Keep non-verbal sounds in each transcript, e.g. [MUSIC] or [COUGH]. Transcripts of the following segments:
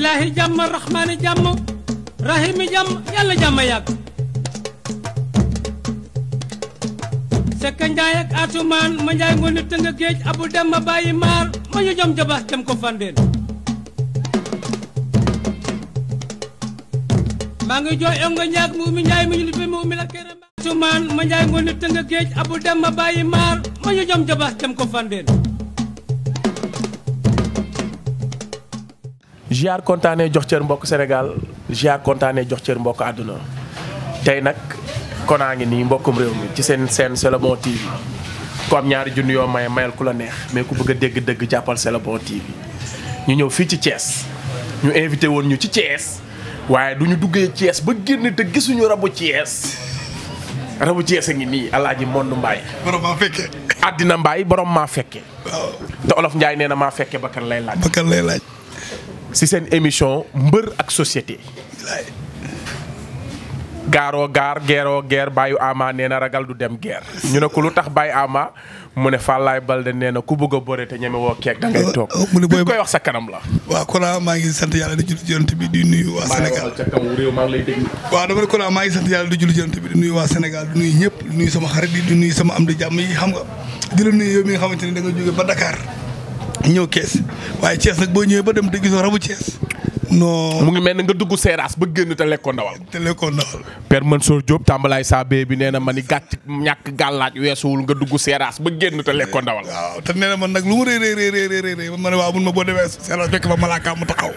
ilaahi jàmm rahmaani jàmm rahimi jàmm yàlla jàmm yàgg sekk njaay atumaan ma njaay ngooni tënga géej abu dem ma bàyyi maar ma ñu jom jabax dem ko fandeen maa ngi jooy ongo ñaag mu umi njaay mu ñu lippee mu umi la kere atumaan ma njaay ngooni tënga géej abu dem ma bàyyi maar ma ñu jabax dem ko fandeen ziar kontane jox cër mbok senegal ziar kontaanee jox cër mbok aduna tay nak konangi ni mbokum rew mi ci sen sen C'est le bon TV ko am ñaari junni yo may mayal ku neex mais ku bëgg a dégg jappal C'est le bon TV ñu ñew fi ci ties ñu invité won ñu ci ties waye duñu duggé ties ba genn te gisunu rabu ties rabu Thiès a ngi ni alaaji mondu mbay borom ma fekke adina mbay borom ma fekke te olof ndjay neena na fekke bakkan lay laaj bakkan lay laaj si seen émission mbër ak société. gaaroo gaar geeroo geer bàyyu ama nee na ragal du dem geer ñu ne ko lu tax bàyyi ama mu ne Fallaye Balde nee na ku bëgg a te ñeme woo keeg da ngay toog mu ne booy koy wax sa kanam la waaw Kona maa ngi sant yàlla di julli jërënt bi di nuyu waa Sénégal waaw dama ne Kona maa ngi sant yàlla di julli jërënt bi di nuyu waa Sénégal di nuyu ñëpp di nuyu sama xarit yi di nuyu sama am di jàmm yi xam nga di la nuyu yow mi nga xamante ni da nga jóge ba Dakar ñëw kees waaye Cees nag boo ñëwee ba dem dëgg gisoo rabu Cees. non mu ngi mel ne nga dugg seeraas ba génn te lekkoo ndawal. te lekkoo ndawal. Père Mansour Diop tàmbalaay saa bi nee na ma ni gàcc ñàkk gàllaaj weesuwul nga dugg seeraas ba génn te lekkoo ndawal. waaw te nee na man nag lu mu rëy rëy rëy rëy man ma ne waaw mun ma boo demee seeraas fekk fa malaaka mu taxaw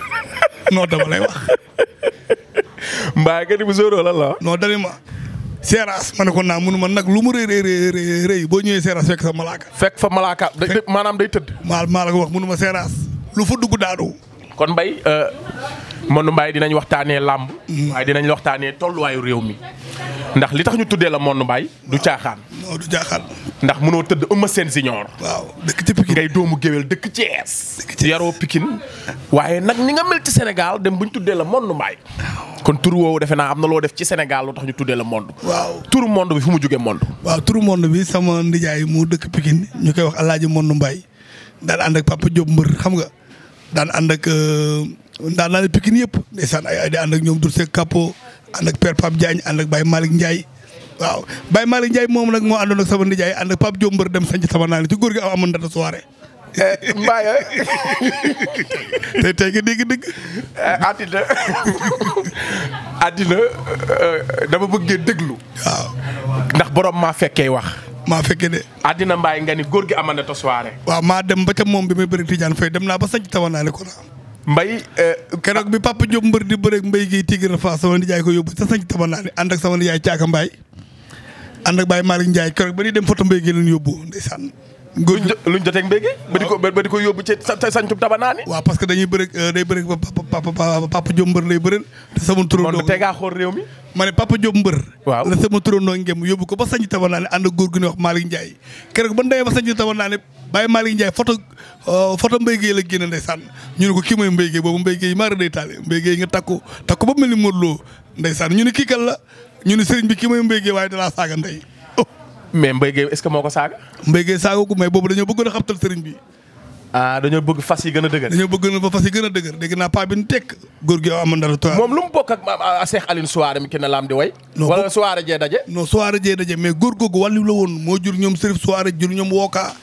non dama lay wax. [LAUGHS] mbaa nga ni mu sóoroo lan la. non dani ma. seeraas ma ne ko naa mënu ma nag lu mu rëy rëy rëy boo ñëwee seeraas fekk sa malaaka. fekk fa malaaka maanaam day tëdd. maal maa la wax mënu ma seeraas lu fa dugg daanu. kon Mbaye euh, Modou Mbaye dinañ waxtaanee làmb. Mm. waaye dinañ waxtaanee tolluwaayu réew mi. ndax li tax ñu tuddee la monu Mbaye du caaxaan. non du jaaxal. ndax mënoo tëdd Eumeu Sène Junior. waaw dëkk ci Pikine ngay doomu géwél dëkk Thiès. dëkk yaroo Pikine. waaye nag ni nga mel ci Senegal, dem bu ñu tuddee la monde mbaay. kon tur woowu defe naa am na def ci Sénégal lu ñu tuddee la monde. waaw turu monde bi fu mu jógee monde. waaw turu monde bi sama nijaay mu dëkk Pikine ñu koy wax Alaaji Monde Mbaay daan ànd ak Papa Diop mbër xam nga daan ànd ak euh, daan naa ne Pikine yëpp ndeysaan ay ay di ànd ak ñoom Dulce Capo ànd ak Père Pape Diagne ànd ak Baye Malick Ndiaye waaw bay Malick Ndiaye mom nak mo andon ak sama ndjay and pap Pape Diop dem sanj sama nani, ci gor gui am amoon data soirée eh, mbaaya eh? [LAUGHS] tey tey nga dig dig atina atina dama bëgg deglu waaw ndax borom ma fekkee wax ma fekkee de àddina mbaay nga ni góor gi amoon data soirée waaw ma dem ba ca mom bi may bëri Tidiane fay dem na ba sanc sama naani ko mbay eh, keroog bi Papa Diop mbër di bëreeg mbay gi Tigre Fass sama nijaay ko yóbbu sa sañ tama naa ne ànd ak sama nijaay Caaka Mbaay ànd ak Baye Malick Ndiaye keroog ba ñuy dem foto mbay gi leen yóbbu ndeysaan luñ joteeg mbéy gi. ba di ko ba di ko yóbbu ci sa sañtu taba naa ni. waaw parce dañuy bëri euh, day bëri papa mbër lay bëreel. te sama turandoo ma ne papa Diop mbër. waaw la ngem yóbbu ko ba sañtu taba naa ne ànd ak góor gu ñuy wax Malick Ndiaye. keroog ban dayoo ba sañtu taba naa ne bàyyi Malick Ndiaye photo euh, photo mbéy gi la génne ñu ne ko kii mooy mbéy gi boobu mbéy gi yi maara day taale mbéy gi nga takku takku ba mel ni Modou Lo ndeysaan ñu ne kii kan la ñu ne sëriñ bi kii mooy mbéy gi waaye dalaa mais Mbaye Gueye est-ce que moo ko saaga. Mbaye Gueye saaga ko mais boobu dañoo bëggoon a xabtal sëriñ bi. Ah, dañoo bëgg fas yi gën a dëgër. dañoo bëgg na fas yi gën a dëgër dégg naa paa bi ñu tekk góor gi am ndara toile. moom a mu bokk ak ah, ah, Cheikh Aline Souare mi kenn daje. mais góor googu wàllu la woon moo jur ñoom Serif Souare jur ñoom Woka.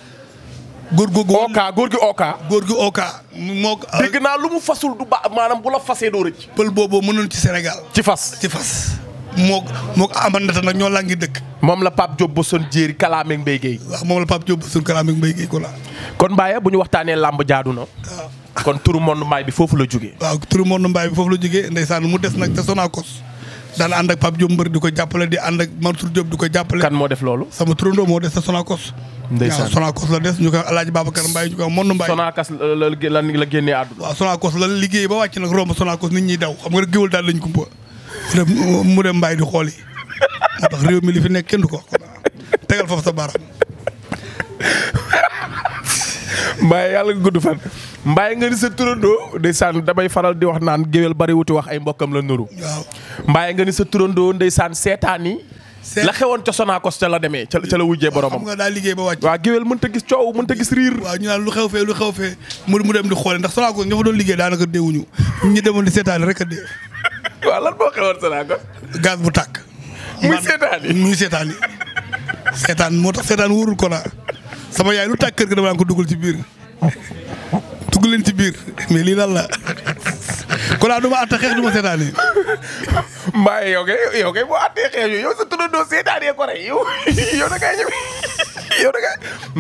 góor googu Oka góor gi Oka. góor gi Oka moo. dégg naa lu mu fasul du ba maanaam bu la fasee doo rëcc. pël boobu mënoon ci Sénégal. ci fas ci fas. moo moo amandata nag ñoo laa ngi dëkk moom la paap Diop Boson jéeri kalaameeg Mbaye Guèye. waaw moom la Pape Diop Boson kon Mbaye bu ñu waxtaanee làmb jaadu kon turu monde mbaay bi foofu la jóge waaw turu monde mbaay bi foofu la jógee ndeysaan mu des nag te Sonacos daan ànd ak Pape Diop ko jàppale di ànd ak Mansour Diop di ko jàppale. kan moo def loolu. sama turandoo moo des sa Sonacos. ndeysaan waaw Sonacos la des ñu ko Alaaji Babacar Mbaye ñu ko monde mbaay. Sonacos la la la la génnee àdduna. waaw Sonacos la liggéey ba wàcc nag romb Sonacos nit ñi daw xam nga géwél daal lañ kumpa mu dem mbaay di xool yi ndax réew mi li fi nekk kenn du ko tegal foofu sa baaraam. mbaay yàlla gudd fan. mbaay nga ni sa turandoo ndeysaan damay faral di wax naan géwél bari wuti wax ay mbokkam la nuru. waaw mbaay nga ni sa turandoo ndeysaan seetaan yi. la xewoon ca Sonacos ca la demee ca la wujjee boromam. xam nga daa liggéey ba wàcc. waaw géwél mënta gis coow mënta gis riir. waaw ñu naan lu xew fee lu xew fee mu dem di xoole ndax Sonacos ñoo fa doon liggéey daanaka deewuñu ñu demoon di seetaan rek a dee. waaw lan moo xewoon Sonacos. gaz bu tàkk. muy seetaan yi muy seetaan yi moo tax seetaan wóorul ko la sama yaay lu tàkk kër gi damaa ko dugal ci biir dugg leen ci biir mais lii lan la ko laa du ma àtte xeex du ma seetaan yi. mbaa yow kay yow kay boo àttee xeex yow sa turandoo seetaan ko rek yow yow da ngay ñëw. yow da nga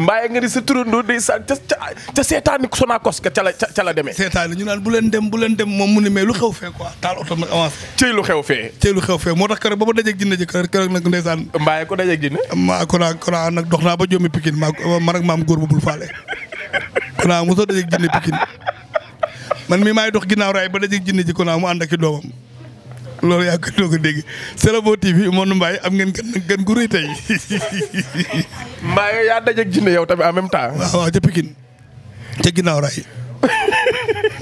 mbaaye nga di sa turandoo day de ca ca seetaani Sonacos ca la ca la demee. seetaani ñu naan bu leen dem bu leen dem moom mu ne mais lu xew fee quoi taal oto nag avancé. cëy lu xew fee. cëy lu xew fee moo tax keroog ba ma dajeeg jinne ji keroog nag ndeysaan. mbaaye ko dajeeg jinne. maa Kona Kona nag dox naa ba jommi maa man ak maam góor bu bul faale Kona mosoo dajeeg jinne Pikine man mi maay dox ginnaaw raay ba dajeeg jinne ji Kona mu ànd ak doomam loolu yaa ko doog a dégg Sela Bo TV Mawne am ngeen gan gan gu rëy tey. Mbaye yaa dajeeg jinne yow tamit en même temps. waaw waaw ca Pikine ca ginnaaw raay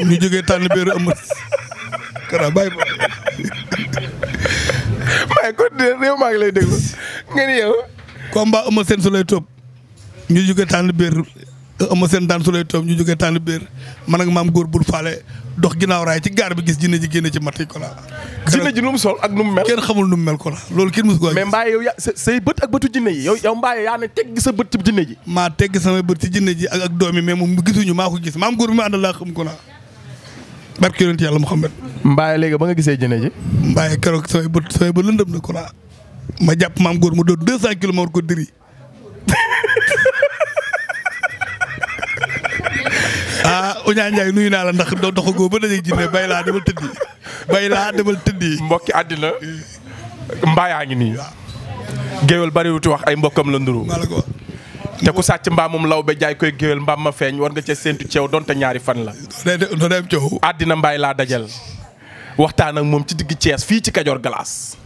ñu jógee tànn beeru amul kana bàyyi ba. Mbaye kon de réew maa ngi lay déglu nga ni yow. combat amul seen su lay topp ñu jógee tànn beeru. ama seen daan su lay toom ñu jógee tànn biir man ak maam góor bul faale dox ginnaaw raay ci gaar bi gis jinne ji génne ci matt yi kola jinne ji nu mu sol ak nu mu mel kenn xamul nu mel kola loolu kenn mosu ko mais mbaaye yow yaa say bët ak bëtu jinne yi yow yow mbaaye yaa ne tegg sa bët ci jinne ji maa tegg samay bët ci jinne ji ak ak doom yi gisuñu maa ko gis maam góor bi ma àndal laa xam kola barke yonent yàlla Muhammad mbaaye léegi ba nga gisee jinne ji mbaaye keroog samay bët samay lëndëm na kola ma jàpp maam góor mu doon deux cent kilomètres ko diri [LAUGHS] ah Oña Ndiaye nuyu naa la ndax doxagoo ba dajeeg jinne bay laa demal tëddi bay laa demal tëddi. mbokki àddina mbaayaa ngi nii. géwél bariwuti wax ay mbokkam la nduru te ku sàcc mbaamum law ba jaay koy géwél mbaam ma feeñ war nga ca séentu ceew donte ñaari fan la. doo àddina mbaay laa dajal waxtaan ak moom ci digg Cees fii ci Kajoor Galaas.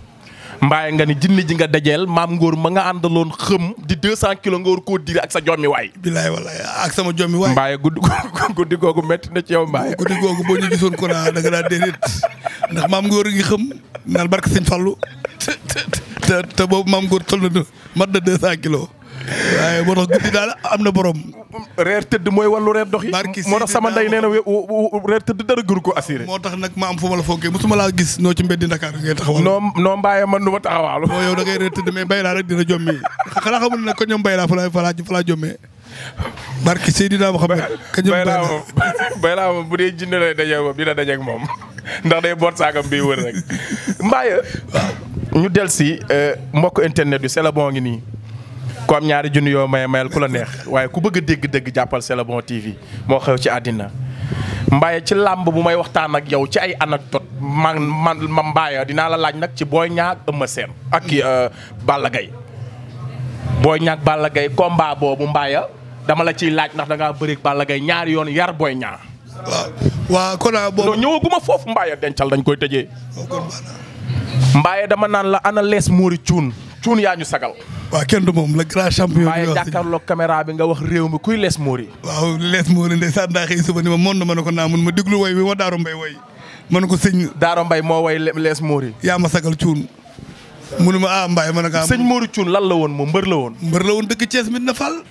mbaaye nga ni jinni ji nga dajeel maam ngóor ma nga àndaloon xëm di 200 kilos nga war koo diri ak sa jommi waay. bilaay walaay ak sama jommi waay. mbaaye guddi [LAUGHS] guddi googu métti na ci yow mbaaye. guddi googu boo ñu gisoon ko naa da nga ndax maam ngóor ngi xëm naan barke Sëñ Fallu [LAUGHS] te te te boobu maam ngóor toll na mat na 200 kilos. waaye moo tax guddi daal am na borom. reer tëdd mooy wàllu reer dox yi. barki moo tax sama ndey nee na reer tëdd dara gënu ko assuré. moo tax nag ma am fu ma la foogee mosuma laa noo ci mbeddi Dakar ngay taxawal. noo noo mbaayee man nu ma taxawaalu. boo yow da ngay reer tëdd mais bay laa rek dina jommi xanaa xamul ne ko bay laa fa la fa barki Seydina Mohamed. kañ bay laa moom bay laa moom bu dee jinne lay daje moom dina daje moom ndax day boot saagam bi wër rek mbaaye. ñu del si euh, mbokk internet yu c'est la ngi nii ku ñaari junni yoo may mayal ku la neex waaye ku bëgg dégg-dégg jàppal c'est le TV moo xew ci àddina Mbaye ci làmb bu may waxtaan ak yow ci ay anecdote man man ma Mbaye dinaa la laaj nag ci booy Niang ak seen Sène ak euh, Balla Gaye Boy Niang Balla Gaye combat boobu Mbaye dama la ciy laaj ndax danga ngaa bëri Balla Gaye ñaari yoon yar booy Niang. waaw waaw kon euh, boobu ñëwaguma foofu Mbaye dencal dañ koy tëjee. Oh, Mbaye dama naan la ana lees muuri cuun cuun yaa ñu sagal. waaw kenn du moom le grand champion. waaye jàkkaarloog caméra bi nga wax réew mi kuy Les Mory. waaw Les Mory ndeysaan daa xëy suba ni ma mën na ma ne ko naa mun ma déglu woy bi ma Daaro ma ne ko sëñ. Daaro Mbaye moo woy Les Mory. yaa ma sagal cuun. mu ne ma ah Mbaye ma ne ko. Ah, sëñ Mory cuun lan la woon moom mbër la woon. mbër la woon dëkk Thiès mit na Fall.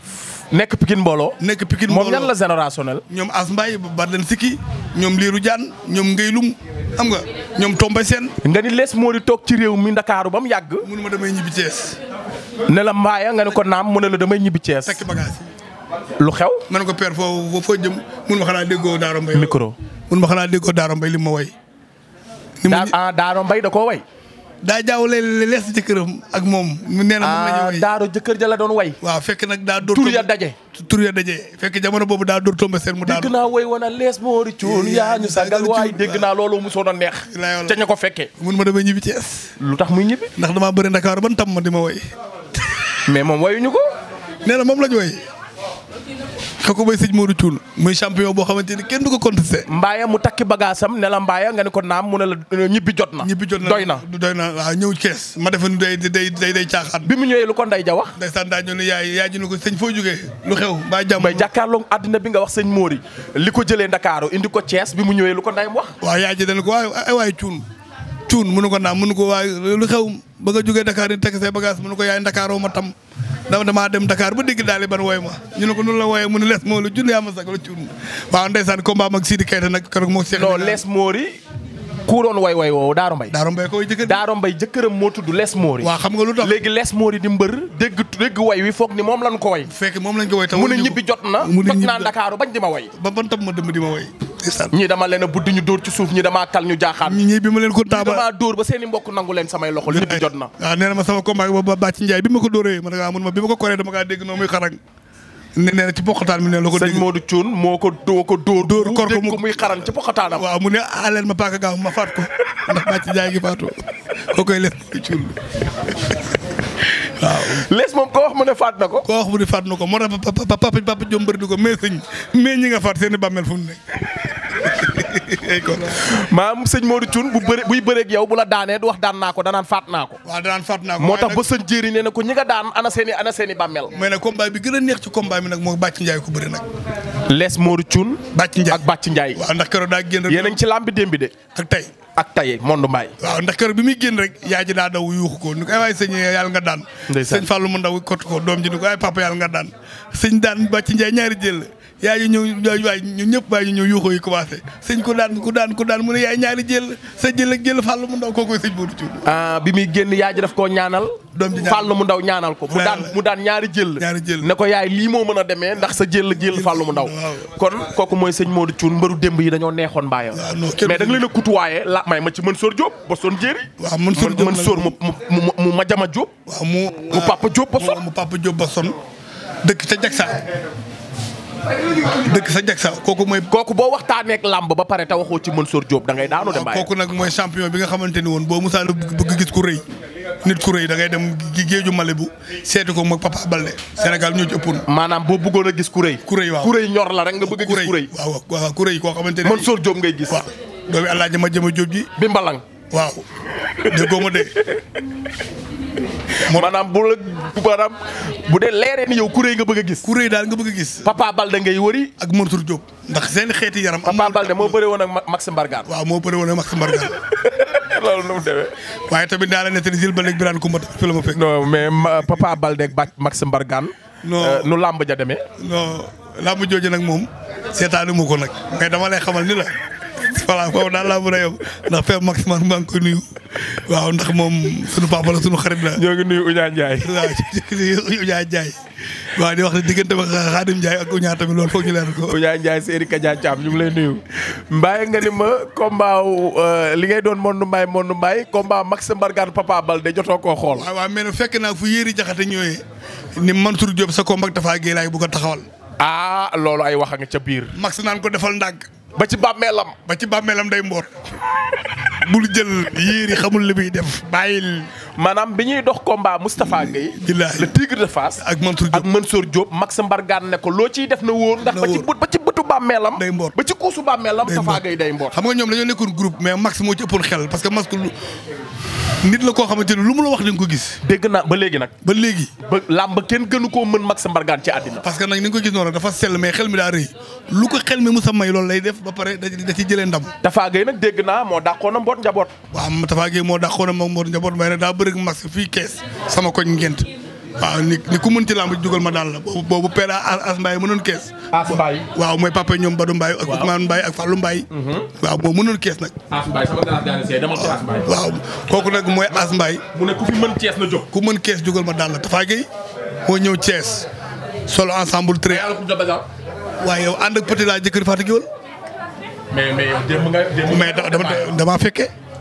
nekk Pikine mbooloo. nekk Pikine moom ñan la générationnel. ñoom As Mbaye ba leen sikki ñoom Liiru Jaan ñoom Ngeylum xam nga ñoom Tomba seen nga ni lees moo di toog ci réew mi Ndakaaru ba mu yàgg. mënu ma damay ñibbi Thiès. ne la mbaaya nga ne ko naam mu ne la damay ñibbi Thiès. fekk lu xew. ma ne ko père foo foo jëm mun ma xanaa déggoo Daaro mbay micro mun ma xanaa déggoo Daaro mbay li ma way. ni mu ah Daaro Mbaye da koo way. daa jaawle lees jëkkëram ak moom. mu nee na moom la ñu ah, jëkkër ja la doon way. waaw fekk nag daa dóor tur ya daje. tur daje fekk jamono boobu daa dóor tombé seen mu daanu. dégg naa woy wana lees moori cuun yaa ñu dégg naa looloo musoon a neex. ca ña ko fekkee. mun ma demee ñibbi Thiès. lu tax muy ñibbi. ndax damaa bëri Ndakaaru ban tam ma di ma way. mais moom wayuñu ko. nee na moom la ñu way kooku mooy sëñ Modou Thioul muy euh, doy na doy na waaw ñëw Thiès. ma defoon day day day bi mu ñëwee lu ko Ndeye Dia wax. ndeysaan daa li ko jëlee Ndakaaru indi ko Thiès bi mu ñëwee lu ko Ndeye wax. waaw yaay ji dañ ko waay waay Thioul Thioul mënu ko naam mënu ko waay lu xew ba nga jógee Dakar ni teg say bagage mu ne ko yaay Ndakaaroo ma tam dama damaa dem Dakar ba digg daal ban wooy ma ñu ne la wooyee mu ne lees moori junne yaa ma sagal cuun waaw ndeysaan combat mag Sidi Keita nag keroog moo lees moori ku doon way way woowu Daaro Mbay Daaro Mbay koy jëkkër Daaro jëkkëram moo tudd Les Mori waaw xam nga lu tax léegi Les Mori di mbër dégg way wi foog ni moom lañ ko way fekk moom lañ ko way mu ne ñibbi jot na jot naa Ndakaaru bañ di ma way ba ban tam di ma way ñi dama leen a budd ñu dóor ci suuf ñi damaa kal ñu jaaxaan ñi bi ma leen ko taaba damaa mbokk nangu leen samay loxo ñibbi jot na waaw ah, nee ma sama combat ba bàcc njaay bi ma ko dóoree ma ne ah, mun ma bi ma ko koree nee na ci poqataan mi ne la ko. dégg sëñ Modou Thioune moo ko dóor. dóor kor ko muy xaran ci poqataanam. waaw mu ne aleen ma paaka gaaw ma faat ko ndax bàcc jaay ngi faatu ko koy les Thioune waaw. les moom ko wax mu ne faat na ko. ko wax mu ne faat na ko moo tax papa papa jom bëri di ko mais sëñ mais ñi nga faat seen bàmmeel fu nekk. [LAUGHS] maam sëñ Modou Thioune bu bëri buy bëreeg yow bu la daanee du wax daan naa ko danaan faat naa ko waaw danaan faat naa ko moo tax ba sëñ jéeri nee na ko ñi nga daan ana seen i ana seen i bàmmeel mais nag combat bi gën a neex ci combat bi nag moo bàcc njaay ko bëri nag lees Modou Thioune bàcc njaay ak bàcc njaay waaw ndax keroog daa génn yéen a ngi ci làmb bi démb bi de ak tey ak taye kër bi muy génn rek yaa ji daa daw yuuxu ko ni ay eh, waay sëñ yàlla nga daan. ndeysaan sëñ Fallou mu ndaw kot ko doom ji ni ko ay papa yàlla nga daan sëñ daan bàcc njaay ñaari jël yaay ji ñëw waay ñun ñëpp waay ñu ñëw yuuxoo yi commencé sëñ ku daan ku daan ku daan mu ne yaay ñaari jël sa jël ak jël fàll mu ndaw kookoy sëñ Modou Diouf ah bi muy génn yaay ji daf koo ñaanal ndaw ñaanal ko mu daan mu daan ñaari jël ñaari jël ne ko yaay lii moo mën a demee ndax sa jël jël fàll mu ndaw kon kooku mooy sëñ Modou Diouf mbaru démb yi dañoo neexoon mbaayam mais da nga leen a kutuwaaye la may ma ci Mansour Diop ba son jéeri waaw Mansour Mansour mu ma jama Diop waaw mu papa Diop ba mu papa Diop ba son dëkk ca Jaksaan dëkk sa jag sa kooku mooy. kooku boo waxtaanee ak làmb ba pare te waxoo ci Mansour Diop da ngay daanu dem. kooku nag mooy champion bi nga xamante ni woon boo musaan bëgg gis ku rëy nit ku rëy da ngay dem géeju male bu seeti ko mooy Papa Balde Sénégal ñoo ci ëppoon. maanaam boo bëggoon gis ku rëy. ku rëy waaw ku rëy ñor la rek nga bëgg a gis ku rëy. waaw waaw ku rëy koo xamante ne. Mansour Diop ngay gis. waaw doomi Alaaji ma jëma Diop ji bi mbalang waaw déggoo ma de. maanaam bu la bu dee leeree ni yow kuréy nga bëgg a gis. kuréy daal nga bëgg a gis. Papa Balde ngay wëri. ak Mansour Diop ndax seen xeeti yaram. Papa Balde moo bëre woon ak Max Mbargane. waaw moo bëre woon ak Max Mbargane. loolu nu mu waaye tamit daa la ne te Zil Balde ak Birane Koumba fi la ma fekk. non mais Papa Balde ak Max Mbargane. non euh, nu làmb ja demee. non jooju nag moom seetaanu ma ko nag mais dama lay xamal ni la. voilà foofu daal laa mën a yem ndax Pape Maximane maa ngi koy nuyu waaw ndax moom sunu papa la sunu xarit la. ñoo ngi nuyu Ounia Ndiaye. [LAUGHS] waaw Ndiaye. waaw di wax ne diggante ba Xaadim Ndiaye ak Ounia tamit loolu foog ñu leer ko. Ounia Ndiaye si Erika Thiam ñu ngi lay nuyu. Mbaye nga ni ma combat euh, li ngay doon Modou Mbaye Modou Mbaye combat Max Mbargane Papa de jotoo koo xool. waaw waaw mais nag fekk naa fu yéeri jaxate ñëwee ni Mansour Diop sa combat laay bu ko taxawal. ah loolu ay wax nga ca biir. Max naan ko defal ndàgg. ba ci bàmmeelam ba ci bàmmeelam day mboot bul jël yi xamul li muy def bàyyil maanaam bi ñuy dox combat Moustapha Gueye le tigre de Fass ak Mansour Diop ak Mansour Diop Max Mbargane ne ko loo ciy def na wóor ndax ba ci bëtu bàmmeelam day ba ci kuusu bàmmeelam Tafa Gueye day mboot xam nga ñoom dañoo nekkoon groupe mais Max moo ci ëppoon xel parce que la wax di nga ko gis dégg naa ba léegi nag ba léegi ba làmb kenn gënu koo mën Max Mbargane ci àddina parce que nag ni nga ko gis noonu xel mi daa rëy may loolu lay def ba pare da ci jëlee ndam Tafa nag dégg naa moo dàqoon a mboot njaboot waaw Tafa Gueye moo dàqoon a mboot njaboot may nag daa bëri Max fii kees sama koñ ngent waaw ni ni ku mën ci làmb dugal ma daal la boobu boobu Pera As Mbaye mënoon kees. As Mbaye waaw mooy papa ñoom Badou Mbaye ak Ousmane Mbaye ak Fallou Mbaye. Mhm. waaw boobu mënoon kees nag. As ko waaw kooku nag mooy As Mbaye. ku mën kees na ma daal la Tafa Gueye moo ñëw Thiès solo ensemble très. waaye yow ànd ak petit jëkkër Fatick yi mais mais yow démb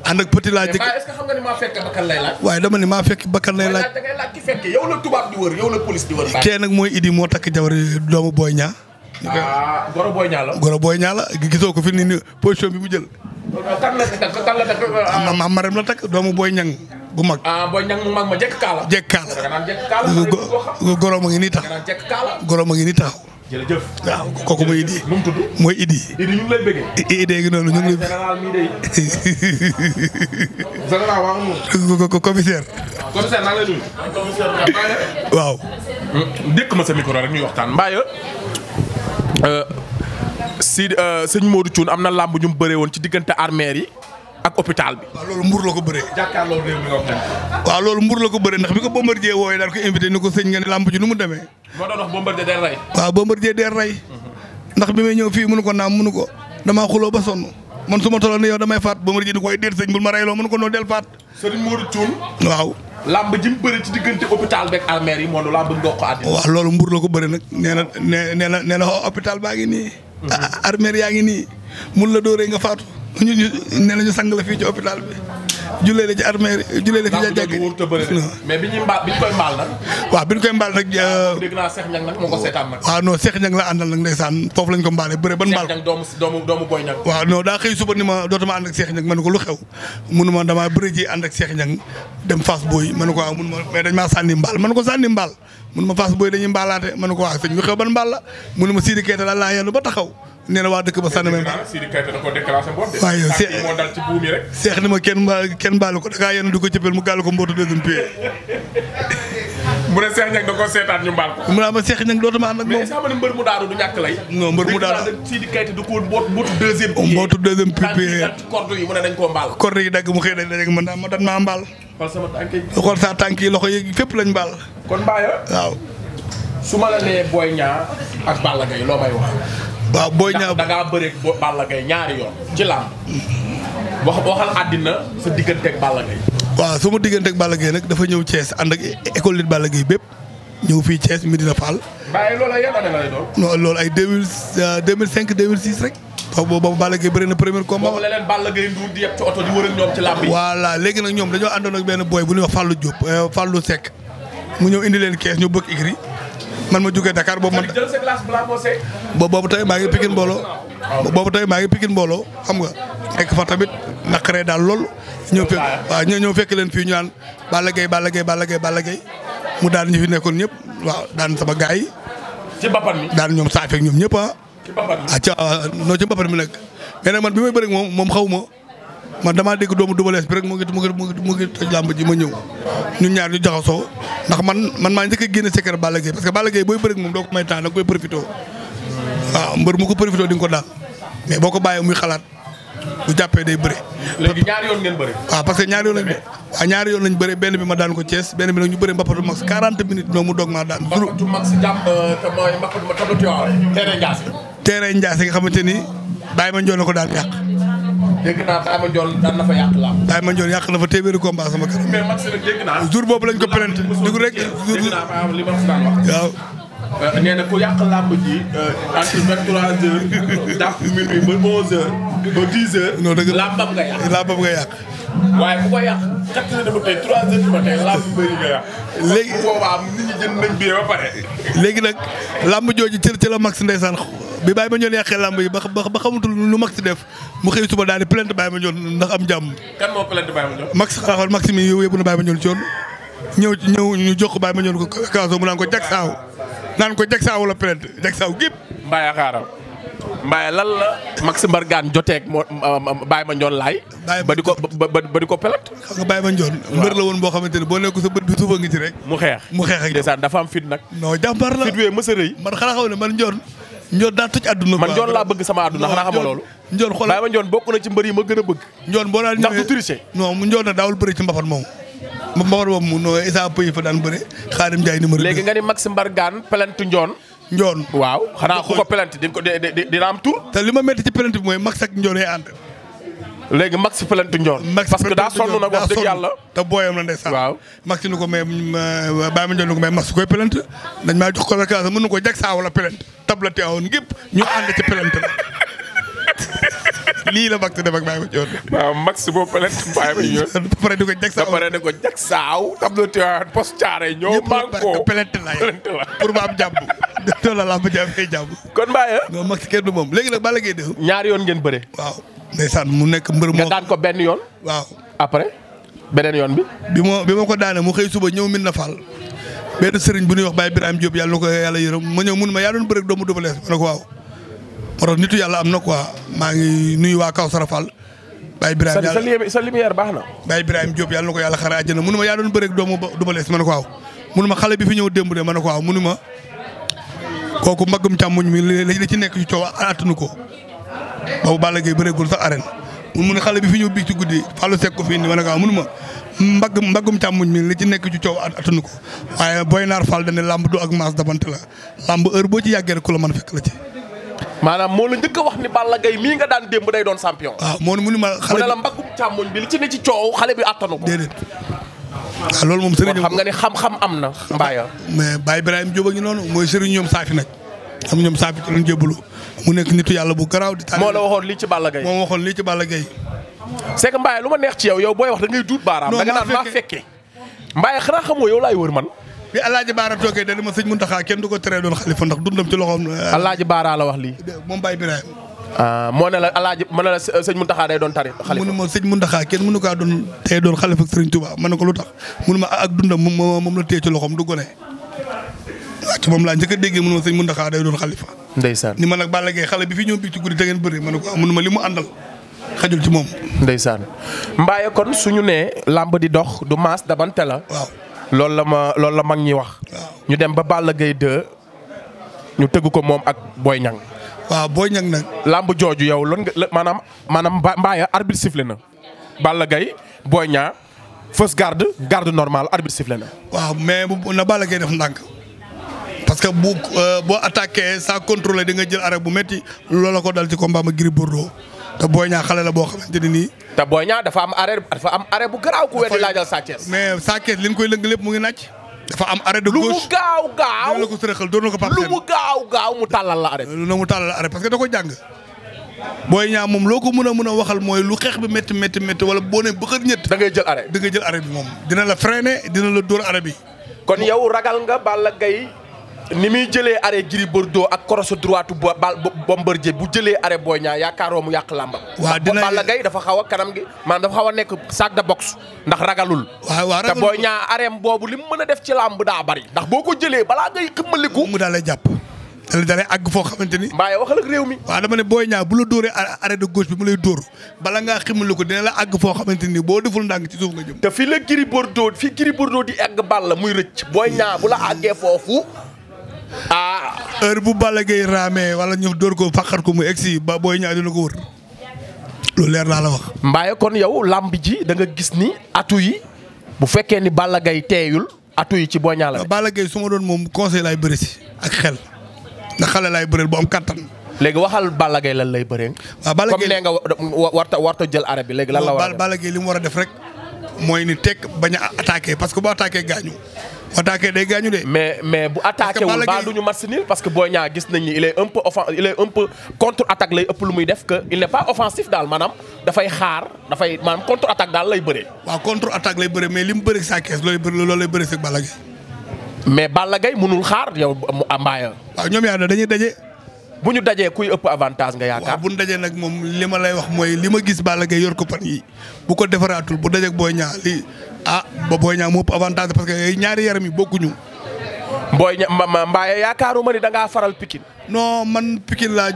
ànd ak petit laa jëkk waaye dama ni maa fekk bakkan lay laaj. kee nag mooy Idi moo takk jabar doomu booy Niang. Ah, goro booy Niang la. Goro gisoo ko fi ni position bi mu jël. kan la takk la takk. Ah. ma takk doomu Boy Niang bu mag. ah Boy Niang mu mag ma jekk kaala. jekk kaala. goro ma ngi nii taxaw. goro ma ngi nii taxaw. jërëjëf waaw kooku mooy Idi. mooy Idi. Idi noonu ñu ngi lay. général mii day. [LAUGHS] général waaw waaw. Hmm? dékk ma sa micro rek ñuy waxtaan mbaaya. Euh, si euh, sëñ Modou Thioune am na làmb ñu mu woon ci diggante armeer yi. ak hôpital bi. waaw loolu mbuur la ko lo jàkkaarloo réew mi nga wax waaw loolu mbuur la ko ndax bi ko Bombardier wooyee daal ko invité ni ko sëñ nga ne làmb ji nu mu demee. moo doon wax Bombardier day rey. waaw Bombardier day rey. ndax bi may ñëw fii mënu ko naam mënu ba sonn man su ma ne yow damay faat Bombardier ni koy déet bul ma reyloo mënu ko noo del faat. Serigne Modou Thioune. waaw. làmb ji mu bëri ci diggante hôpital beeg armère yi moo doon làmb ndox ko àddina. waaw loolu mbuur la ko bëri nag nee hôpital mhm. mun la nga ñu ñu ne la ñu fii ci hôpital bi. jullee la ci armée jullee la ci jàjjàgg mais bi ñuy mbaal bi ñu koy mbaal nag. waaw bi euh, la àndal nag ndeysaan foofu lañ ko mbaalee bëre ban mbaal. Cheikh Niang doomu doomu doomu Boy Niang. daa xëy suba ni ma dootuma ànd ak Cheikh ma ne ko lu xew munuma damaa bëre ji ànd ak Cheikh Niang dem Fass Boy ma ne ko waaw munuma dañ maa sànni mbaal ma ne ko sànni mbaal mun ma faas booy dañuy mbaalaate man ko waa sëñ bi xew ban mbaal la mun ma Sidi Keita daal laa yenn ba taxaw nee na waa dëkk ba sànni may waaye seex ni ma kenn mbaal kenn mbaalu ko dakaa yenn du ko cëppeel mu gàll ko mbootu deuxième pied mu ne Cheikh ma Cheikh Niang dootuma ànd ak moom mais sax mu daanu du ñàkk lay. non mbër mu daanu Sidi yi mu ne dañ koo mbaal corde yi dagg mu xëy dañ rek ma dan maa mbaal xool sama tànk yi. xool tànk yi loxo yi fépp lañ baal. kon Mbaye. waaw. su ma la nee Boy Niang ak Balla Gaye loo may wax. waaw booy Niang da ngaa bëreeg Balla ñaari yoon ci làmb. wax waxal àddina sa digganteeg Balla Gaye. waaw su ma digganteeg Balla Gaye nag dafa ñëw Thiès ànd ak école de Balla Gaye bépp ñëw fii Thiès Medina Fall. bàyyi lool ay loolu ay deux mille euh, deux mille cinq deux mille six rek. waaw boobu boobu Balla Gaye bëri na premier combat. boobu la leen Balla Gaye nduur di léegi nag ñoom dañoo àndoon ak benn booy bu ñuy wax Fallou Diop euh, Fallou Seck mu ñëw indi leen kees ñu bëgg igri man ma jógee Dakar boobu man. boo boobu tey maa ngi Pikine mbooloo. Ah. boobu tey maa ngi Pikine mbooloo xam nga. nekk fa tamit naqaree daal lool. ñëw fekk waaw ñoo ñëw fekk leen fii ñu naan Balla Gaye Balla Gaye Balla Gaye Balla Gaye mu daan ñu fi nekkoon yëpp waaw daan sama gaay yi ci bappat mi daan ñoom saa fekk ñoom ñëpp ah. mi ah ca non ci bappat mi nag. mais nag man bi may bëri moom moom xaw ma man dama dégg doomu dubalees bi rek mu ngi mu ngi mu ngi toj làmb ma ñëw. ñun ñaar ñu jaxasoo ndax man man maa njëkk a génne secret Balla Gaye parce que Balla Gaye booy bëri moom doo ko may temps da nga waaw mbër mu ko profité di nga ko daal mais boo ko bàyyee muy xalaat bu jàppee day bëre. léegi ñaari yoon ngeen bëre. waaw parce que ñaari yoon lañ bëre waaw ñaari bi ma daan ko Thiès benn bi nag ñu bëre Mbapatou Max 40 minutes ñoom daan. Mbapatou Max jàpp euh, te mooy ma tabatu xamante ni Baye Mandione la ko daan yàq. dégg naa Baye Mandione daan na fa yàq laaw. Baye Mandione yàq na fa téeméeri combat sama kanam. mais boobu lañ ko plainte. dégg rek jour dégg waaw. Euh, nee na ku yàq làmb ji euh, entre vingt trois [LAUGHS] dëgg làmbam nga yàq làmbam nga nga yàq. léegi nag làmb jooju cër ci la max ndeysaan bi bàyyi ma ñoon yàqee làmb yi ba ba xamutul lu max def mu xëy suba daal di plainte bàyyi ma ñoon ndax am jàmm. kan moo plainte bàyyi ma ñoon. mi yow yóbbu na bàyyi ma ñoon ci yoon ñëw ñëw ñu jox ko bàyyi ñoon ko mu naan ko jag saaw nan ko jeg saaw la plainte jeg saaw gépp mbaaya xaaral mbaaya lal la Max Mbargane joté ak um, um, Baye ndion lay ba diko ba diko ko plainte xam nga Baye ndion mbeur la won bo xamanteni bo boo sa beut du suufa ngi ci rek mu xex mu xex ak ndeysaan dafa am fit nak no jambar la fit wee mësa rëy man xala xaw man ndion ndion da tuj aduna man ndion la bëgg sama aduna xala xama lolu ndion xol Baye ndion bokku na ci mbeur yi ma gëna bëgg ndion bo la ndax du tricher non ndion na dawul bëri ci mbafat mom ma mbabar boobu mu no Issa Pouye fa daan bëre Xaadim Njaay numéro léegi nga ni Max Mbargaan pelante Njoon Njoon waaw xanaa ku ko pelante di dina am tu te li ma métti ci pelante bi mooy Max ak Njoon ay ànd léegi Max pelante Njoon parce que daa sonn nag wax dëgg ko mais euh, ma Njoon ni ko mais Max koy pelante dañ maa jox ko mën na ko jag saa wala pelante a awoon ngépp ñu ànd ci pelante la lii la max def ak Baye Mandione. waaw max boobu peut être Baye Mandione. ba pare di ko jag saaw ba pare di ko jag saaw. tableau Tivaouane post Thiaroye ñoo manko pelente la pour ma am jàmm. dootoo [LAUGHS] la làmb jàmm ngay jàmm. kon Baye. Ah? non max kenn du moom léegi nag Balla Gaye dégg. ñaar yoon ngeen bëre. waaw ndeysaan mu nekk mbër moo. nga daan ko benn yoon. waaw après beneen yoon bi. bi ma bi ma ko daane mu xëy suba ñëw min na fal. benn sëriñ bu ñuy wax Baye Birame Diop yàlla na ko yàlla yërëm ma ñëw mun ma yaa doon bëre doomu Double Less ma ne ko waaw parce que nitu yàlla am na quoi maa ngi nuyu waa Kawsara Fall. Baye Ibrahima yàlla sa lumière baax na. Baye Ibrahima Diop yàlla na ko yàlla xare àjjana munuma yaa doon bëreeg doomu Double Less ma ne ko waaw munuma xale bi fi ñëw démb ma ne ko waaw munuma kooku mbagum càmmuñ mi li ci nekk ci coow attanu ko boobu Balla Gaye bëreegul sax arène ne xale bi fi ñëw biig ci guddi Fallou Seck ko fi indi ma ne ko waaw mbagg mbaggum càmmuñ mi li ci nekk ci coow attanu ko waaye Boy Naar Fall ne làmb du ak maas dabante la làmb heure boo ci yàggee rek ku la mën fekk la ci. maanaam moo la njëkk a wax ni Balla Gaye mii nga daan démb day doon champion. waaw ah, moo ne mu ni ma xale mu ne la bi li ci ne ci coow xale bi attanu ko. déedéet waaw ah, loolu moom sëriñ xam nga ni xam-xam am na. mbaaya mais Baye Ibrahima Diop a ngi noonu mooy sëriñ ñoom saafi nag am ñoom saafi ci lañ jébbalu mu nekk nitu yàlla bu garaaw di. moo la waxoon li ci Balla Gaye moo waxoon lii ci Balla Gaye. c'est lu ma neex ci yow yow booy wax da ngay duut baaraam. da nga naan maa fekkee Mbaye xanaa xamoo yow laay wër man bi Alaaji Baara toogee da ma sëñ Muntaxa kenn du ko teree doon xalifa ndax dundam ci loxoom. Euh, Alaaji Baara la wax ah, la Alaaji ma ne la sëñ Muntaxa day doon tari xalifa. mu ne ma sëñ Muntaxa kenn mënu kaa doon tey doon xalifa ak Sëriñ Tuubaa ma ne ko lu tax mu ne ma ak dundam moom la téye ci loxoom du gone. waaw ci moom laa njëkk a déggee mu ne ma sëñ Muntaxa day doon xalifa. ndeysaan ni ma nag Balla Gaye xale bi fi ñëw bi ci guddi da ngeen bëri ma ne ko ah, mu ne ma li mu àndal xajul ci moom. ndeysaan mbaaye kon suñu nee làmb di dox du maas dabante la waaw loolu la ma loolu la mag ñi wax. ñu dem ba Balla Gaye 2 ñu tegu ko moom ak booy Niang. waaw Boy Niang nag. làmb jooju yow lan nga maanaam maanaam mbaaya arbitre sifflé na. Balla gay booy ñaa fausse garde garde normale arbitre sifflé na. waaw mais bu na Balla Gaye def ndànk. parce que bu euh, boo attaqué sans contrôler di nga jël arrêt bu métti loolu ko dal ci combat ma Gris Bordeaux te Boy Niang xale la boo xamante ne nii. te Boy Niang dafa am arrêt bu garaaw ku weddi laajal Sa mais Sa Thiès koy lëng lépp mu naaj. dafa am arrêt lu mu ko sërëxal doon na ko parcelle lu mu gaaw gaaw la arrêt. lu mu tàllal la arrêt parce que da ko jàng. Boy Niang moom loo ko mën a a waxal mooy lu xeex bi métti métti métti boo nee bëxër ñett. da jël arrêt moom. dina la freiner dina la dóor arrêt kon yow ragal nga Balla Gaye ni muy jëlee arrêt Gris Bordeaux ak crosse droite bu ba Bombardier bu jëlee arrêt Boy Niang yaakaaroo mu yàq làmba. waaw dina Balla Gaye dafa xaw a kanam gi man dafa xaw a nekk sac de ndax ragalul. waaw waaw ragalul te Boy Niang arrêt boobu li mu mën a def ci làmb daa bari. ndax boo ko jëlee balaa ngay xëmmaliku. mu daal la jàpp. daal daal àgg foo xamante ni. mbaa waxal ak réew mi. waaw dama ne Boy Niang bu la dóoree arrêt de gauche bi mu lay dóor bala ngaa ximali ko dina la àgg foo xamante ni boo deful ndànk ci suuf nga jëm. te fii la Gris Bordeaux fii Gris Bordeaux di àgg Balla muy rëcc. Boy Niang bu la àggee foofu ah heure bu Balla Gaye raamee wala ñu dóor ko faqat ko mu si ba booy ñaar dina ko wër loolu leer naa la wax. mbaaye kon yow làmb ji da nga gis ni atu yi bu fekkee ni Balla Gaye teeyul atu yi ci boo ñaar la. Balla Gaye su ma doon moom conseil laay bëri si ak xel ndax xale laay bëreel bu am kattan. léegi waxal Balla Gaye lan lay bëree. waaw Balla Gaye comme nee nga warta warta jël arab bi léegi lan la war a li mu war a def rek mooy ni teg bañ a attaqué parce que boo attaqué gaañu. attaqué day gaañu de. mais mais bu attaqué wul ba du ñu match nul parce que boo Niang gis nañ ni il est un peu contre attaque lay ëpp lu muy def que il n'est maanaam dafay xaar dafay maanaam contre attaque lay bëree. waaw contre attaque lay mais li mu bëri saa kees loolu loolu lay bëree si Balla mais Balla Gaye mënul xaar yow ah, Mbaye. waaw ñoom yaa dañuy daje. bu ñu dajee kuy ëpp avantage nga yaakaar. waaw bu ñu dajee nag moom li ma lay wax mooy li ma gis Balla Gaye yor ko fan yi bu ko defaraatul bu dajeeg booy Niang li ah ba Boy Niang moo avantage parce que ñaari yaram yi bokkuñu. Boy Niang ma Mbaye yaakaaruma ni da ngaa faral Pikine. non man Pikine laa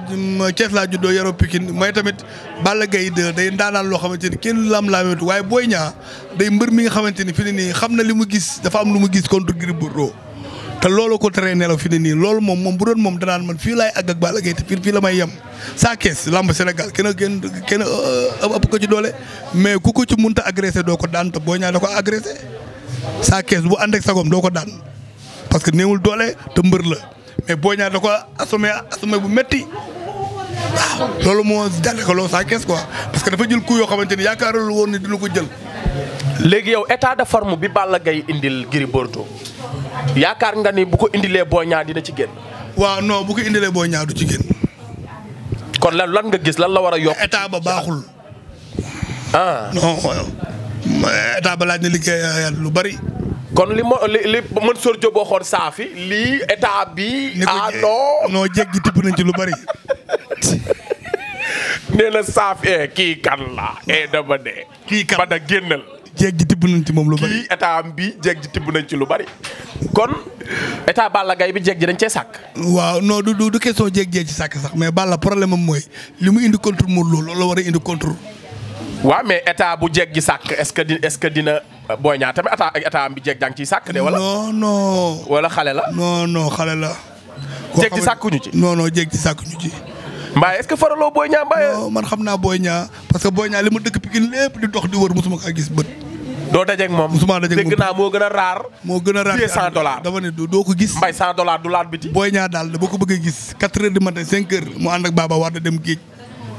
Thiès laa juddoo yaroo Pikine mooy tamit Balla Gaye 2 day ndaanaan loo xamante ni kenn lam laamewut waaye booy ñaa day mbër mi nga xamante ni fi ne nii xam na li mu gis dafa am lu mu gis contre Gris Bordeaux te loolu ko teree nelaw fi ne nii loolu moom moom bu doon moom danaan man fii laay àgg ak Balla Gaye te fii fii la may yem saa kees lamb Sénégal kenn kenn kenn ëpp ko ci doole mais ku ko ci munta agressé doo ko daan te boo ñaa da ko agressé saa kees bu ànd ak sagom doo ko daan parce que newul doole te mbër la mais boo da ko assomé assomé bu metti loolu moo jàllekaloo saa kes quoi parce que dafa jël coup yoo xamante ni yaakaarul woon ni dina ko jël. léegi yow état de forme bi Balla Gaye indil Gris Bordeaux yaakaar nga ni bu ko indilee Boy Niang dina ci génn. waaw non bu ko indilee Boy du ci génn. kon lan lan nga gis lan la war a yokk. état ba baaxul. ah non état ba laaj na liggéey lu bari. kon li ma li li Mansour boo xoon saafi lii état bi. ah non non jéggi tibb nañ ci lu bari. nee na saaf ee eh, kii kan la ee eh, dama dee. kii kan bada génnal. jéeg ji tibb nañ ci moom lu bari kii état am bi jéeg ji tibb nañ ci lu bari. kon état Balla bi jéeg ji dañ cee sàkk. waaw noo du du du question jéeg jéeg ci sàkk sax mais Balla problème am mooy li mu indi contre mu Lo loolu la war a indi contre. waaw mais état bu jéeg ji sàkk est-ce que di est-ce que dina euh, Boy Niang tamit état état am bi jéeg jàng ciy sàkk de wala. non non wala xale la. non xale la. jéeg ji sàkkuñu ci. non non jéeg ji sàkkuñu ci. mbaa est-ce que faraloo Boy Niang mbaa. non man xamna naa Boy Niang parce que Boy Niang li dëkk Pikine lepp di dox di wër musuma ka gis do dajé ak mom musuma dajé moom dégg mo gëna rar mo gëna rar 100 dollars dama ne do ko gis. mbay 100 dollars du laat biti. Boy Niang daal da bako bëgg gis 4h du matin 5h mu and ak Baba da dem géej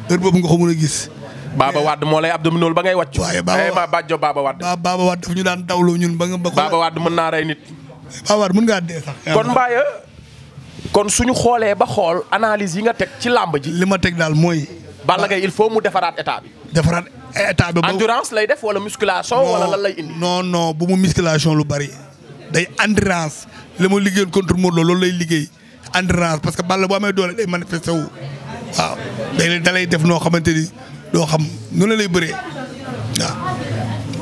heure bobu nga ko gis. Baba wad mo lay abdominal ba ngay waccu ay eh, Baba Wade Baba wad Baba wad daf ñu daan dawloo ñun ba nga. Baba wad mën na ray nit. Baba wad mën nga dé sax. kon baye kon suñu xoolee ba xool analyse yi nga teg ci làmb ji. li ma teg daal mooy. Balla Gaye il faut mu defaraat état bi. defaraat état bi. endurance lay def wala musculation. wala lan lay indi non lu bari. day endurance li ma liggéeyoon contre Modou loolu lay liggéey endurance parce que Balla boo amee doole day manifesté wu waaw day da lay def noo xamante ni doo xam noonu lay bëree waaw.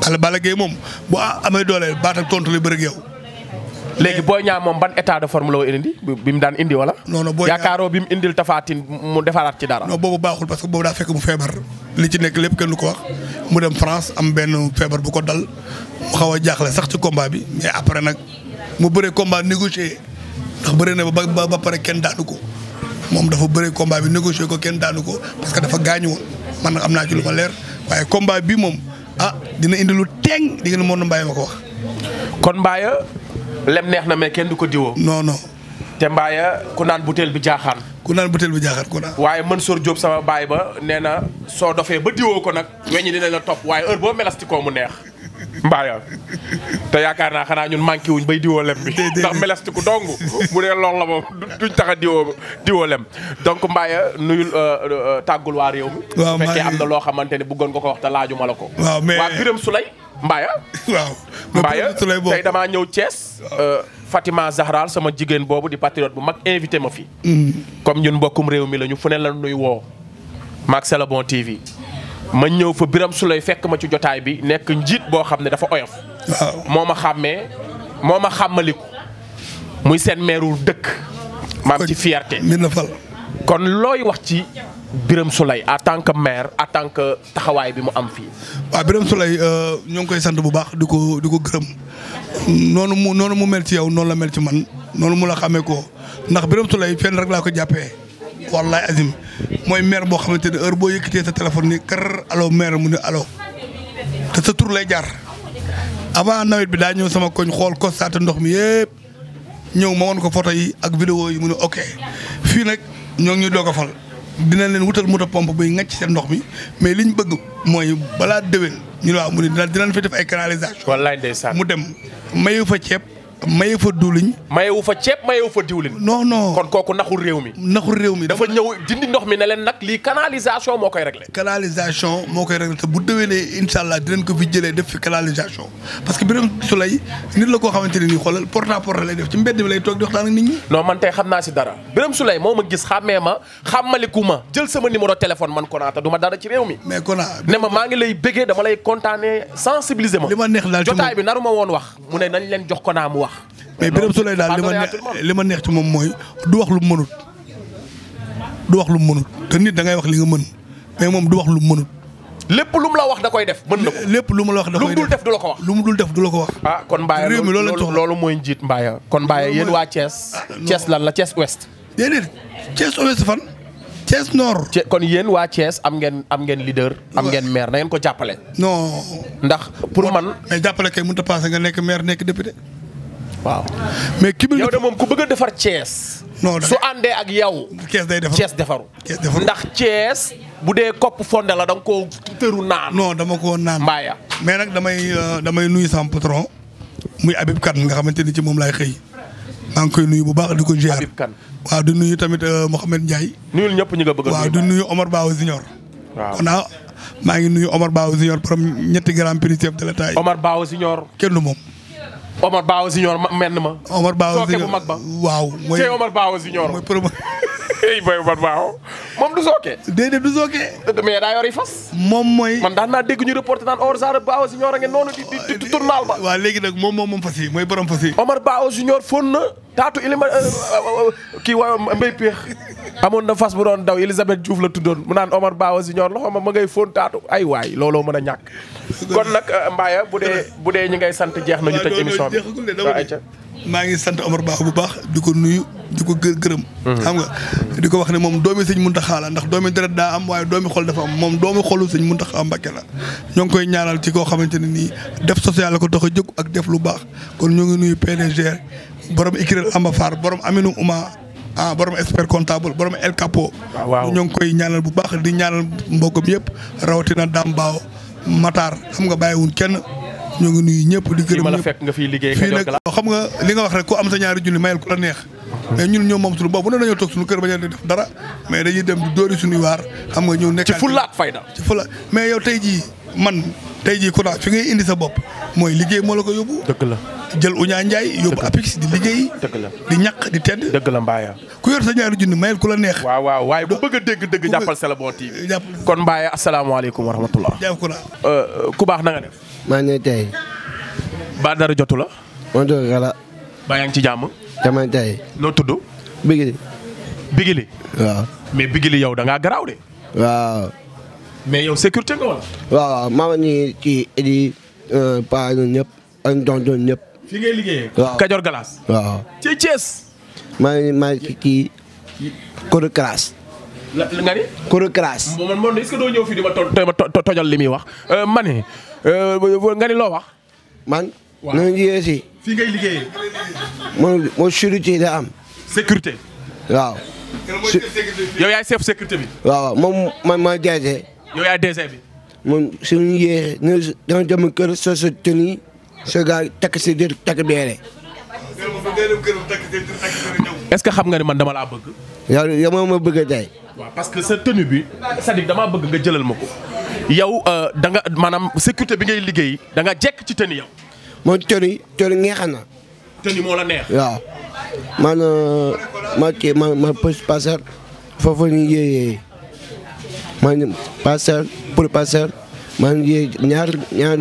Balla Balla Gaye moom bu amee doole baat ak tontu lay yow. léegi boo Niang moom ban état de forme la woo bi mu daan indi wala. non non Boy Niang yaakaaroo bi mu indil tafaatin mu defaraat ci dara. non boobu baaxul parce que boobu daa fekk mu feebar. li ci nekk kenn du ko wax mu dem France am benn feebar bu ko dal mu xaw a jaaxle sax ci combat bi mais après nag mu bëree combat négocié ndax bëree na ba ba pare kenn daanu ko moom dafa bëree combat bi négocié ko kenn daanu ko parce que dafa gaañu woon man nag am naa ci lu ma leer waaye combat bi moom ah dina indi lu teeng di ngeen mën a mbaay ma ko wax. kon mbaaya lem neex na mais kenn du ko diwoo. non te mbaaya ku naan butéel bi jaaxaan. ku naan butéel bi jaaxaan ku naan. waaye Mansour Diop sama baay ba nee na soo dofee ba diwoo ko nag weññi dina la topp waaye heure boo melastikoo mu neex. mbaaya te yaakaar naa xanaa ñun manqué wuñ bay diwoo lem bi ndax melastiku dong bu dee lool la moom duñ tax a diwoo diwoo lem donc mbaaya nuyul euh, euh, tàggul waar réew mi. waaw fekkee am na loo xamante ne bëggoon nga ko wax te laaju ma la ko. mais waa Birame Souleye Mbaaya. waaw Mbaaya tey damaa ñëw Thiès. Euh, Fatima Zahral sama jigéen boobu di patriote bu mag invité ma fi. Mm. comme ñun mbokkum réew mi lañu ñu fu ne la nuy woo. maak C'est TV. ma ñëw fa Biram Souley fekk ma ci jotaay bi nekk njiit boo xam ne dafa oyof. moo ma xàmmee moo ma xàmmaliku. muy seen meeru dëkk. maam ci fierté. kon looy wax ci Birame Souleye en tant que maire en tant que taxawaay bi mu am fii. waaw Birame Souleye euh, ñoo ngi koy sant bu baax di ko di ko gërëm noonu mu noonu mu mel ci yow noonu la mel ci man noonu mu la xamee ko ndax Birame Souleye fenn rek laa ko jàppee wallahi azim mooy maire boo xamante ne heure boo yëkk yëkkatee sa téléphone ni kar allo maire mu ne allo te sa tur lay jaar avant nawet bi daa ñëw sama koñ xool constaté ndox mi yëpp ñëw ma woon ko photo ak vidéo yi mu ne ok fii nag ñoo ngi dina leen wutal moto pompe buy ngacc seen ndox mi mais liñ bëgg mooy balaa déwén ñu ne waaw mu dina dinañ fi def ay canalisation wallaay ndeysaan mu dem mayu fa ceeb. maye fa diwliñ mayewu fa ceeb mayewu fa diwliñ non non kon kooku naxul réew mi naxul réew mi dafa ñëw dindi ndox mi ne leen nag lii canalisation moo koy réglé canalisation moo koy réglé te bu déwénee incha def la koo xamante ne nii xoolal porte à porte lay def ci mbedd bi lay toog di waxtaan ak nit ñi non man tey xam naa si dara Birame Souleye moo ma gis xàmmee ma xàmmaliku ma jël sama numéro téléphone man Konaata du ma dara ci réew mi mais Konaata ne ma maa ngi lay bëggee dama lay kontaane sensibiliser ma li ma neex daal jotaay bi naru ma woon wax mu ne nañ leen wax mais Birame Souleye daal li ma neex li ma neex ci moom mooy du wax lu mu mënut du wax lu mu mënut te nit da ngay wax li nga mën mais moom du wax lu mu mënut. lépp lu la wax da koy def mën na ko. lépp lu mu la wax da koy def dul def du la ko wax. lu mu dul def du la ko wax. ah kon Mbaye réew mi loolu loolu mooy njiit Mbaye kon Mbaye yéen waa cees ah, Thiès lan la cees ouest. déedéet Thiès ouest fan. Thiès nord. kon yéen waa cees am ngeen am ngeen leader. am ngeen maire na ngeen ko jàppale. non. ndax pour man. mais jàppale kay mënut a passé nga nekk nekk député. waaw mais Kibir yow de moom ku bëgg a defar Thiès. non su àndee ak yow. Thiès day defar Thiès defaru. ndax Thiès bu dee kopp fonde la da nga koo tëru naan. non dama koo naan mbaaya. mais nag damay euh, damay nuyu sama patron muy Habib Kane nga xamante ni ci moom laay xëy. maa ngi koy nuyu bu baax di ko ziar Habib Kane. waaw di nuyu tamit euh, Mouhamed Ndiaye. nuyul ñëpp ñu nga bëgg a nuyu waaw nuyu Omar Baw Junior. waa kon ah, maa ngi nuyu Omar Baw Junior borom ñetti grand prix chef de l'État yi. Omar kenn moom. Omar Bawo Junior menn ma. Omar Bawo Junior sooke bu mag ba waaw. mooy tey Omar Bawo Junior mooy promo. [LAUGHS] ey booy Omar Bawo moom du sooke. déedéet du sooke. mais daa i fas. moom mooy. man daan naa dégg ñu reporté naan Omar Sarr Bawo Junior a ngeen noonu di di di tournaal ba. waaw nag moom moom moom fas yi mooy borom Omar Bawo Junior fóon na. taatu ilima euh, euh, euh, kii wa mbay péex amoon na fas bu doon daw Elisabeth Diouf la tuddoon mu naan Omar Bawa Junior loxo ma ma ngay fóon taatu ay waay looloo mën a ñàkk kon nag mbaaya bu dee bu dee ñi ngay sant jeex nañu tëj émission bi maa ngi sant Omar baax bu baax di ko nuyu di ko gër gërëm mhm. xam nga di ko wax ne moom doomi mun Muntaxa la ndax doomi deret daa am waaye doomi xol dafa am moom doomi xolu sëñ Muntaxa Mbàkke la ñoo ngi koy ñaanal ci koo xamante ne nii def social la ko tax a jóg ak def lu baax kon ñoo ngi nuyu PDG borom Ikirel Amba Faar borom Aminou Ouma ah borom expert comptable borom El Capo. Ah, waaw ñoo ngi koy ñaanal bu baax di ñaanal mbokkam yëpp rawatina daam Dambaaw Matar xam nga bàyyiwul kenn. ñoo ngi nuy ñëpp di gërëm ñëpp fekk nga fiy liggéey fii nag xam nga li nga wax rek ku ñaari junni mayal ku la neex mais ñoo moom suñu bopp bu ne dañoo toog suñu kër bañ a def dara mais dañuy dem di dóori suñuy waar xam nga ñëw nekk ci fulla ak fayda ci fulla mais yow tey jii man tey jii ku naa fi ngay indi sa bopp mooy liggéey moo la ko yóbbu dëgg la jël uña njaay yob apex di liggéey di ñak di tedd deug la mbaaya ku yor sa ñaaru jund mayel ku la neex waaw waaw way bu bëgg a deug jappal jàppal Bon TV eh, kon mbaaya asalaamaaleykum wa rahmatullah jaw ku la euh, ku baax na nga def ma ngi tay ba dara jotu la moo do gala ba yang ci jamm dama tay no tuddu bigili bigili waaw mais bigili yow da nga graw de waaw mais yow sécurité nga wala waaw ma ni ci di euh, pa ñun ñëpp ak tonton ñep fi ngay liggéeyee. waaw Kajoor Galaas. waaw ci Thiès. maa ngi maa ngi kii Codé Galaas. la nga ni. Codé Galaas. ma to tojal li muy wax euh, ma ne euh, nga ni loo wax. man. waaw nañu liggéey si. fii ngay am. sécurité. waaw. yaay chef sécurité bi. waaw moom ma DG. yow yaay DG bi. moom suñu yéexee ñu kër sa sa sa gaa takk si dir takk beere. est que xam nga ni man dama laa bëgg. yow yow moom ma bëgg tey. waaw parce que sa tenue bi sa à dire damaa bëgg nga jëlal ma ko. yow euh, da nga maanaam sécurité bi ngay liggéey danga jekk ci tenue yow. moom tenue tenue neex na. tenue moo la neex. waaw man euh, ma kii ma passeur foofu ñu yéeyee man passeur pour passeur. maa ngi ñaar ñaar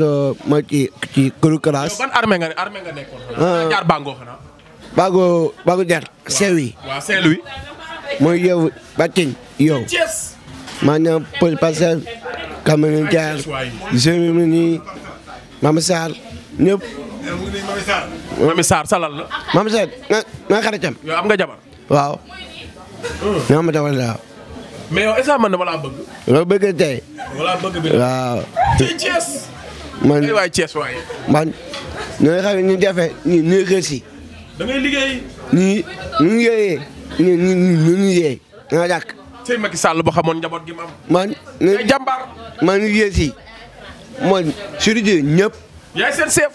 ma ci ci këru classe. ban armée nga armée nga nekkoon. ah ñaar Bango xanaa. Bango Bango Jar. waaw Saint-Louis. waaw Saint-Louis. mooy yow Batin yow. maanaam Paul Pascal. Cameroun la. Mame Sarr nga waaw. ñoo ma jabar laa. mais yow est-ce que man dama laa bëgg. nga bëgg tey. dama laa bëgg bi waaw. ci man waay Thiès waaye. man ñooy xam ne ñu jafe ñu ñuy xëy si. da ngay liggéey. ñii ñu ngi yooyee. ñu ñu jàkk. sëñ boo xamoon njaboot gi mu am. man ay jàmbaar. man ñu xëy si. man surtout ñëpp. yaay seen chef.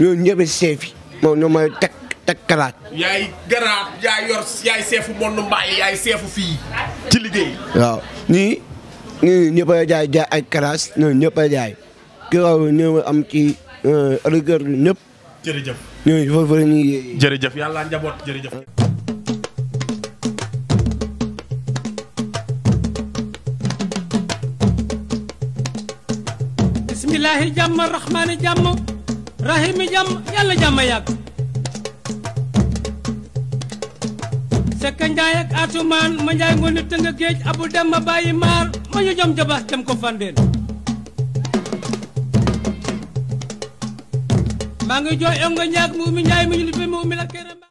ñooñu ñëpp a chef yi. moom teg garaaj. yaay garaaj yaay yor seefu monde mbaay yaay seefu fii ci liggéey. waaw ñii ñii jaay jaay ay garaaj ki nga xam ne am ci euh, rigueur bi ñëpp. jërëjëf ñooñu foofu la ñuy. jërëjëf yàlla njaboot jërëjëf. caka njaay ak atumaan ma njaay ngoone tënga géej abu dem ma bàyyi maar ma ñu jom jabax ko fandeen maa ngi jooy ongo ñaag mu umi njaay mu ñu lippee mu la kere